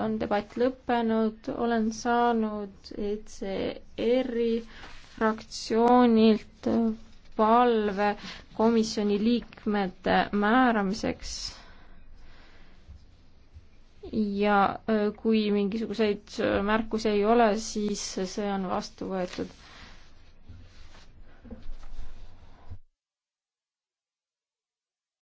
on debatt lõppenud, olen saanud ECR-i fraktsioonilt palve komisjoni liikmete määramiseks. ja äh, kui mingisuguseid märkusi ei ole, siis see on vastu võetud